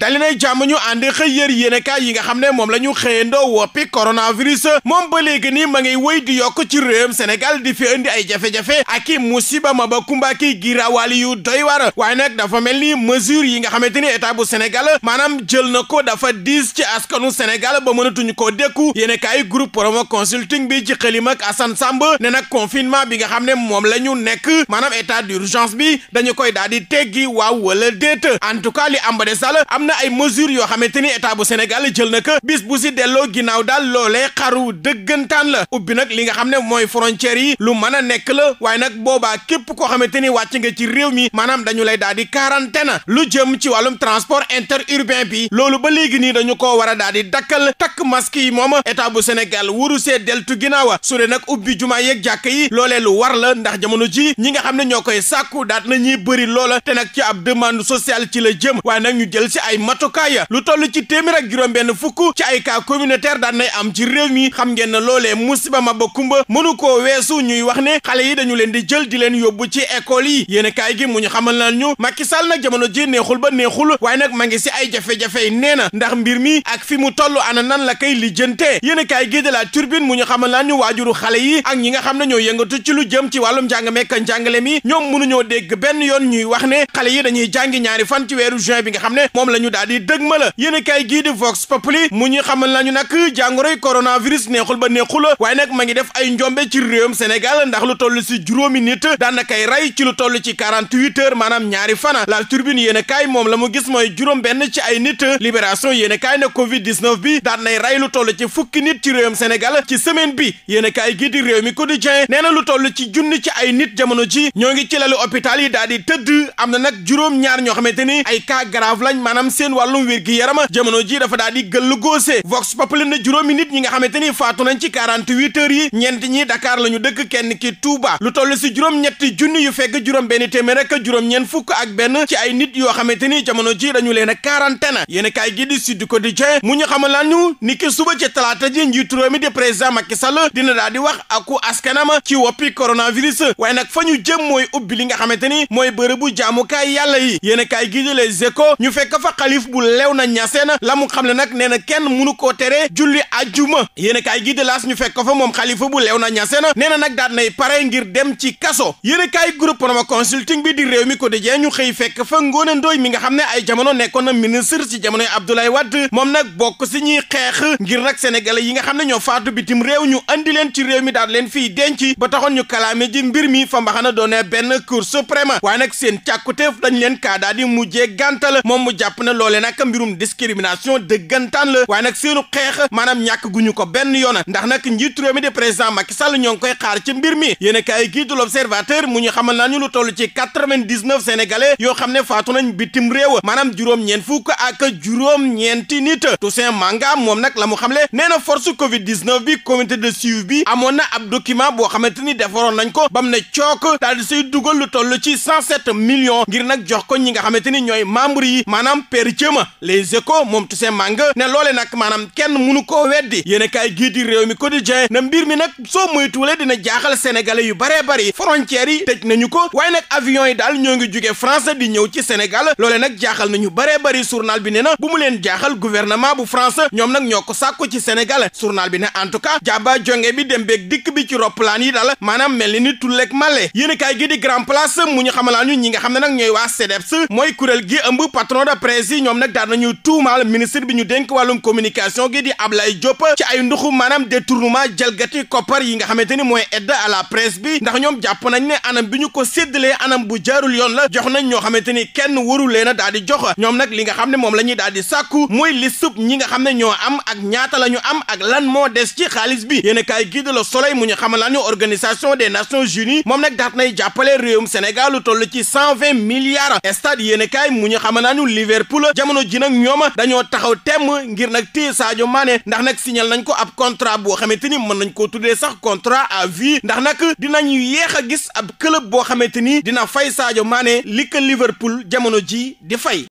dali nay jàmm ñu ànd xëy yër yéenekaay yi nga xam ne moom la ñu xëyandoo woppi coronavirus moom ba léegi nii ma ngi wéy di yokk ci réewum Sénégal di fi indi ay jafe-jafe ak i musiba ma ba kumba ki giraawali yu doy war waaye nag dafa mel ni mesure yi nga xamante ni état bu Sénégal maanaam jël na ko dafa diis ci askanu Sénégal ba mënatuñu koo dékku yéenekaay groupe promo consulting bi ci xëlim ak Assane Samb ne nag confinement bi nga xam ne moom la ñu nekk maanaam état d'urgence bi dañu koy daal di teggi waaw wala déet en tout cas li am ba des na ay mesures yoo xamante ni état bu Sénégal jël na ko bis bu si delloo ginnaaw daal loolee xaru dëggantaan la ubbi nag li nga xam ne mooy frontières yi lu mën a nekk la waaye nag boobaa képp koo xamante ni wàcc nga ci réew mi maanaam dañu lay daal di quarantaine lu jëm ci wàllum transport interurbain bi loolu ba léegi nii dañu koo war a daal di dakkal takk masque yi moom état bu Sénégal waru see deltu ginnaawa su dee nag ubbi jumaa yeeg jàkk yi loolee lu war la ndax jamono ji ñi nga xam ne ñoo koy sàkku daat na ñuy bëri loola nag ci ab demande sociale ci la jëm waaye nag ñu jël si ay ay ya lu toll ci téeméer ak juróom-benn fukk ci ay cas communautaire daan nay am ci réew mi xam ngeen ne loolee musiba ma ba kumba mënu koo weesu ñuy wax ne xale yi dañu leen di jël di leen yóbbu ci école yi yéen kaay gi mu ñu xamal naan ñu Macky Sall nag jamono ji neexul ba neexul waaye nag ma ngi si ay jafe-jafe yi nee na ndax mbir mi ak fi mu toll ana nan la koy lijjante yéen kaay gi de la turbine mu ñu xamal naan ñu waajuru xale yi ak ñi nga xam ne ñoo yëngatu ci lu jëm ci wàllum njàng njàngale mi ñoom mënuñoo dégg benn yoon ñuy wax ne xale yi dañuy jàngi ñaari fan ci weeru juin bi nga xam ne moom la ñu daal di dëgmala yéen a kaay gii di Vox Populi mu ñu xamal nañu nag jàngoroy coronavirus neexul ba neexul waaye nag ma ngi def ay njombe ci réewum Sénégal ndax lu toll si juróomi nit daanakay rey ci lu toll ci 48 heures maanaam ñaari fana la turbine yéen a moom la mu gis mooy juróom benn ci ay nit libération yéen a kaay na covid 19 bi daan nay rey lu toll ci fukki nit ci réewum Sénégal ci semaine bi yéen a kaay réew mi quotidien nee na lu toll ci junni ci ay nit jamono ji ñoo ngi ci lalu hôpital yi daal di tëdd am na nag juróom ñaar ñoo xamante ni ay cas maanaam seen wàllum wér gi yaram jamono ji dafa daal di gëll góose vox populi na juróomi nit ñi nga xamante ni faatu nañ ci 48 heures yi ñeent ñi Dakar la ñu dëkk kenn ki Touba lu toll si juróom-ñetti junni yu fekk juróom benn téeméer ak juróom-ñeent fukk ak benn ci ay nit yoo xamante ni jamono ji dañu leen a quarantaine yéen kaay gi di Sud Quotidien mu ñu xamal lañu ni ki suba ci talaata ji njiitu réew mi di président Macky Sall dina daal wax aku askanama ci woppi fa ñu jëm mooy ubbi li nga xamante ni mooy bërëbu jaamukaay yàlla yi yéen kaay gi di Les Échos ñu xalif bu lew na ñaseen la mu xam ne nag nee na kenn munu koo tere julli ajjuma yéen kaay gi de laas ñu fekk fa moom xalifa bu lew na ñaseen nee na nag daat nay pare ngir dem ci kaso yéen kaay groupe Promo Consulting bi di réew mi quotidien ñu xëy fekk fa Ngoone Ndoy mi nga xam ne ay jamono nekkoon na ministre ci jamonoy Abdoulaye Wade moom nag bokk si ñuy xeex ngir nag sénégalais yi nga xam ne ñoo faatu bitim réew ñu andi leen ci réew mi daal leen fiy denc ba taxoon ñu kalaame ji mbir mi fa mbaxana doone benn cour suprême waaye nag seen càkkuteef dañ leen daal di mujjee gàntal moom mu jàpp na loole nag mbirum discrimination dëggantaan la waaye nag seenu xeex maanaam ñàkk guñu ko benn yoon ndax nag njiitu réew mi di président Macky sal ñoo koy xaar ci mbir mi yéen a kaay gii mu ñu xamal naa ñu lu toll ci quatre-vingt-dix-neuf sénégalais yoo xam ne faatu nañ bitim réew maanaam juróom-ñeent fukk ak juróom-ñeenti nit Toussaint Manga moom nag la mu xamle nee na force Covid 19 bi comité de suivi bi amoon na ab document boo xamante ni defaroon nañ ko bam ne cook daal di lu toll ci cent sept millions ngir nag jox ko ñi nga xamante ni ñooy membre yi maanaam Père Thiema les échos moom Toussaint Manga ne loole nag maanaam kenn munu koo weddi yéen a kaay gii di réew mi quotidien na mbir mi nag soo moytuwulee dina jaaxal sénégalais yu baree bari frontières yi tëj nañu ko waaye nag avion yi daal ñoo ngi jóge France di ñëw ci Sénégal loole nag jaaxal nañu baree bari journal bi na bu mu leen jaaxal gouvernement bu France ñoom nag ñoo ko sàkku ci Sénégal journal bi ne en tout cas jaaba jonge bi dem beeg dikk bi ci roppalaan yi daal maanaam mel ni ni tulleeg a kaay gii di grand place mu ñu xamalaan xam ne nag ñooy waa CDEPS mooy si ñoom nag daan nañu tuumaal ministre bi ñu dénk wàllum communication gi di Ablaye Diop ci ay nduxu maanaam détournement jalgati koppar yi nga xamante ni mooy aide à la presse bi ndax ñoom jàpp nañ ne anam bi ñu ko séddalee anam bu jaarul yoon la jox nañ ñoo xamante ni kenn waru leen a daal di jox ñoom nag li nga xam ne moom la ñuy daal di sàkku mooy li sub ñi nga xam ne ñoo am ak ñaata la ñu am ak lan moo des ci xaalis bi yéen a kaay gii de Le Soleil mu ñu xamal naa ne organisation des nations unies moom nag daat nay jàppale réewum Sénégal lu toll ci cent vingt milliards stade yéen a kaay ñu xamal naa ne Liverpool yóbbu jamono ji nag ñoom dañoo taxaw temm ngir nag téye Sadio maane ndax nag signal nañ ko ab contrat boo xamante ni mën nañ koo tuddee sax contrat à vie ndax nag dinañ yéex a gis ab club boo xamante ni dina fay saajo maane li ko Liverpool jamono ji di fay.